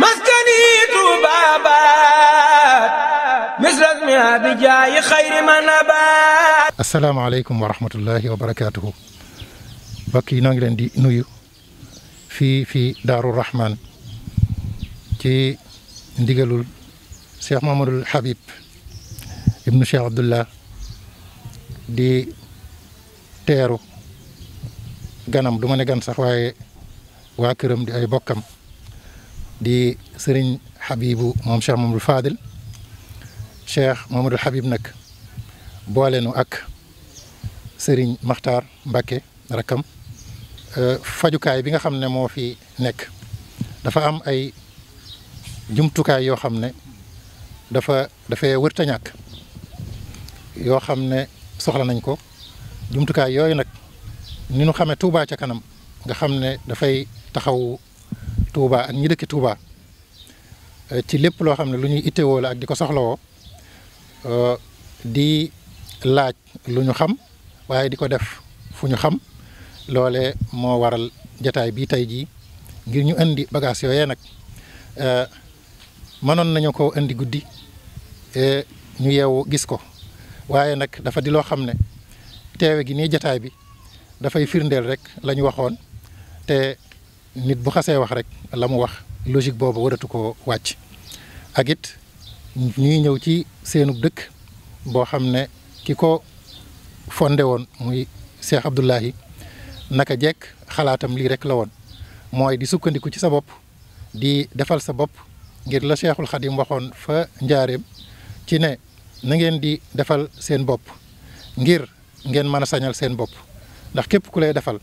maskani Tuuba baat abijaayi xayri man abaat asalaamaaleykum wa rahmatullahi wa barakaatuhu mbokk yi noo ngi leen di nuyu fii fii Daaru Rahman ci ndigalu Cheikh Mamadul Habib ibnu Cheikh Abdullah di teeru ganam du ma ne gan sax waaye waa këram di ay bokkam di sëriñ Habibu moom Cheikh Mamadou Fadil Cheikh Mamadou Habib nag boole nu ak sëriñ Makhtar mbake rakkam euh, fajukaay bi nga xam ne moo fi nekk dafa am ay jumtukaay yoo xam ne dafa dafay wërta yoo xam ne soxla nañ ko jumtukaay yooyu nag ni nu xamee Touba ca kanam nga xam ne dafay taxaw Touba ak ñi dëkki Touba eh, ci lépp loo xam ne lu ñuy ittewoo la di ko soxlawoo eh, di laaj lu ñu xam waaye di ko def fu ñu xam loole moo waral jataay bii tey jii ngir ñu indi bagage yooyee nag eh, mënoon nañu ko indi guddi ñu yeewu gis ko waaye nag dafa di loo xam ne teewe gi nii jataay bi dafay firndeel rek la waxoon te nit bu xasee wax rek la mu wax logique boobu waratu ko wàcc ak it ñuy ñëw ci seenu dëkk boo xam ne ki ko fonde woon muy Cheikh Abdoulahi naka jekk xalaatam lii rek la woon mooy di sukkandiku ci sa bopp di defal sa bopp ngir la seexul Xadim waxoon fa njaareem ci ne na ngeen di defal seen bopp ngir ngeen mën a sañal seen bopp ndax képp ku lay defal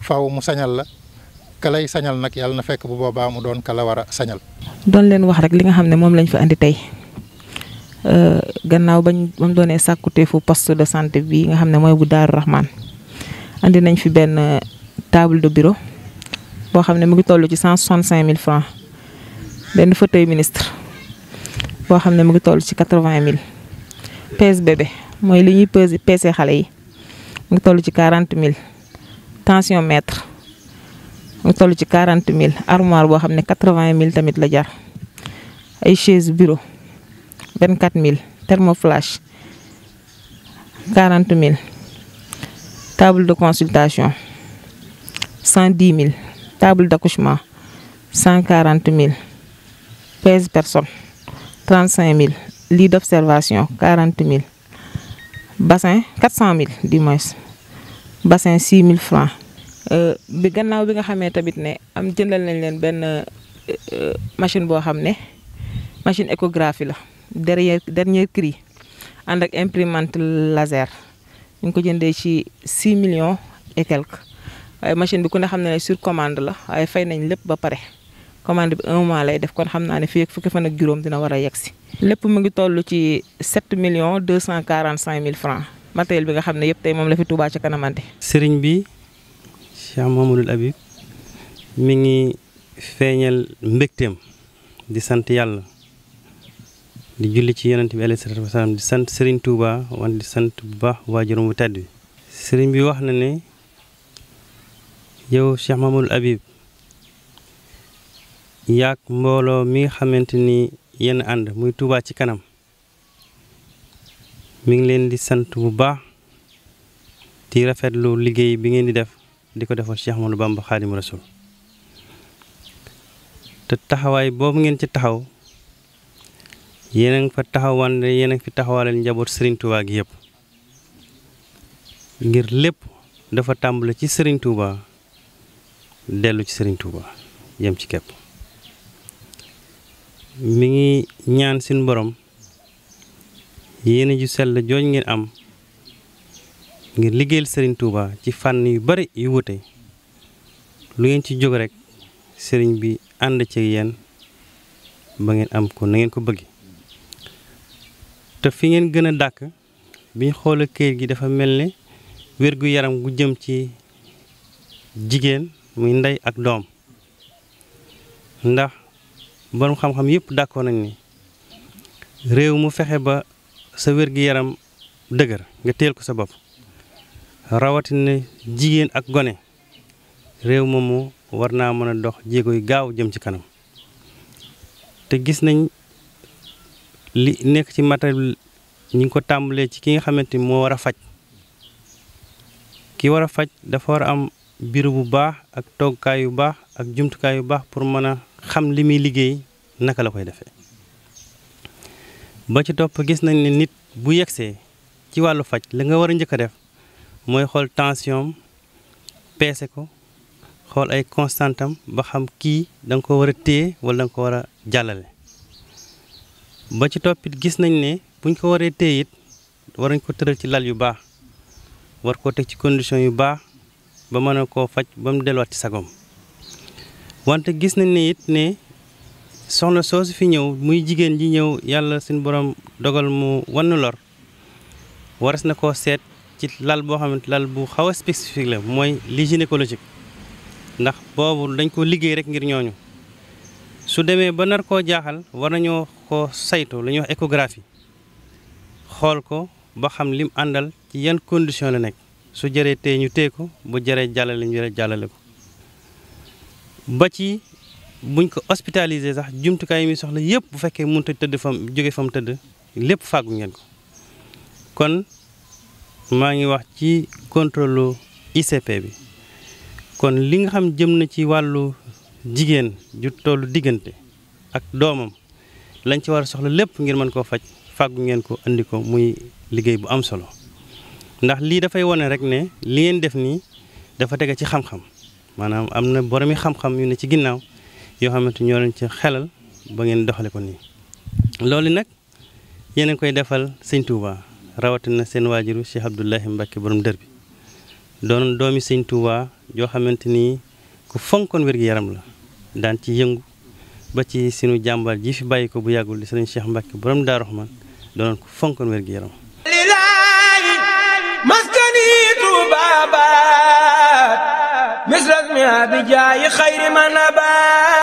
faw mu sañal la kalay sañal nag yàlla na fekk bu boobaa mu doon kala war a sañal. doon leen wax rek li nga xam ne moom lañ fa andi tey euh, gannaaw bañ ba mu doonee sàkkuteefu poste de santé bi nga xam ne mooy bu Daaru Rahman indi nañ fi benn euh, table de bureau boo xam ne mu ngi toll ci cent soixante cinq mille francs benn fauteuil ministre boo xam ne mu ngi toll ci quatre vingt mille pèse bébé mooy li ñuy pesé pesé xale yi mu ngi toll ci quarante mille tensiomètre mu toll ci quarante mille armoire boo xam ne quatre-vingt mille tamit la jar ay chaise bureau vingt quatre mille thermoflash quarante mille table de consultation cent dix mille table d'accouchement cent quarante mille pèse personne trente cinq mille de d'observation quarante mille bassin quatre cent mille di moins bassin six mille francs Euh, bi gannaaw bi nga xamee tamit ne am jëndal nañ leen benn euh, machine boo xam ne machine échographie la dernier dernier cri ànd ak imprimante laser ñu ngi ko jëndee ci 6 millions et quelque waaye machine bi ku ne xam ne sur commande la waaye fay nañ lépp ba pare commande bi un mois lay def kon xam naa ne fii ak fukki fan ak juróom dina war a yegg si. lépp mu ngi toll ci 7 millions 245 mille francs matériel bi nga xam ne yëpp tey moom la fi Touba ca kanamante. sëriñ bi. Cheikh Mamadul Habib mi ngi feeñal mbégteem di sant yàlla di julli ci yonent bi alayhi salaatu wasalaam di sant Serigne Touba wante di sant bu baax waajuram bu tedd bi Serigne bi wax na ne yow Cheikh Mamadul Habib yaak mbooloo mi nga xamante ni yenn ànd muy Touba ci kanam mi ngi leen di sant bu baax di rafetlu liggéey bi ngeen di def di ko defal Cheikh Ahmadou Bamba Xaadimu Rasul te taxawaay boobu ngeen ci taxaw yéen a ngi fa taxawaan yéen a ngi fi taxawaaleel njaboot Serigne Touba gi yëpp ngir lépp dafa tàmbale ci sëriñ Touba dellu ci Serigne Touba yem ci képp mu ngi ñaan seen borom yéen ju sell jooj ngeen am. ngir liggéeyal sëriñ Touba ci fànn yu bari yu wute lu ngeen ci jóg rek sëriñ bi ànd ci yéen ba ngeen am ko na ngeen ko bëgg te fi ngeen gën a dàkk biñ xoolee këyit gi dafa mel ne wér-gu-yaram gu jëm ci jigéen muy ndey ak doom ndax borom xam-xam yëpp d'accord nañ ni réew mu fexe ba sa wér-gi-yaram dëgër nga teel ko sa bopp rawatina jigéen ak gone réew moomu war naa mën a dox jéego yu gaaw jëm ci kanam te gis nañ li nekk ci matériel ñi ngi ko tàmbalee ci ki nga xamante ni moo war a faj ki war a faj dafa war a am biiru bu baax ak toggukaay yu baax ak jumtukaay yu baax pour mën a xam li muy liggéey naka la koy defee ba ci topp gis nañ ne nit bu yegsee ci wàllu faj la nga war a njëkk a def mooy xool tension peese ko xool ay constantam ba xam kii danga ko war a téye walla da ko war a jàllale ba ci toppit gis nañ ne buñ ko waree téye it war nañ ko tëral ci lal yu baax war koo teg ci condition yu baax ba mën a koo faj ba mu delluwaat sagoom sagom wante gis nañ ne it ne soxna soosu fi ñëw muy jigéen ji ñëw yàlla suñu borom dogal mu wann lor waras na koo seet lal boo xamante lal bu xaw a spécifique la mooy li gynécologique ndax boobu dañ ko liggéey rek ngir ñooñu su demee ba nar koo jaaxal war nañoo ko sayto lu ñuy wax échographie xool ko ba xam lim àndal ci yan condition la nekk su jëree tee ñu tee ko bu jëree jàllale ñu jëree jàllale ko ba ci buñ ko hospitalisé sax jumtukaay mi muy soxla yëpp bu fekkee mënut a tëdd fam jóge fa mu tëdd lépp fàggu ngeen ko kon maa ngi wax ci contrôle ICP bi kon li nga xam jëm na ci wàllu jigéen ju tollu diggante ak doomam lañ ci war a soxla lépp ngir mën koo faj fàggu ngeen ko indi ko muy liggéey bu am solo ndax lii dafay wone rek ne li ngeen def nii dafa tege ci xam-xam maanaam am na boromi xam-xam yu ne ci ginnaaw yoo xamante ñoo leen ci xelal ba ngeen doxale ko nii loolu nag yeneen koy defal sëñ Touba rawatina seen waajuru Cheikh Abdoulahi Mbacke borom dër bi doomi sëñ Touba joo xamante ni ku fonkoon wér yaram la daan ci yëngu ba ci sinu jàmbaar ji fi bàyyi ko bu yàggul di sëriñ Cheikh Mbacke borom Daaru Rahman doonoon ku fonkoon wér-gi-yaram maskani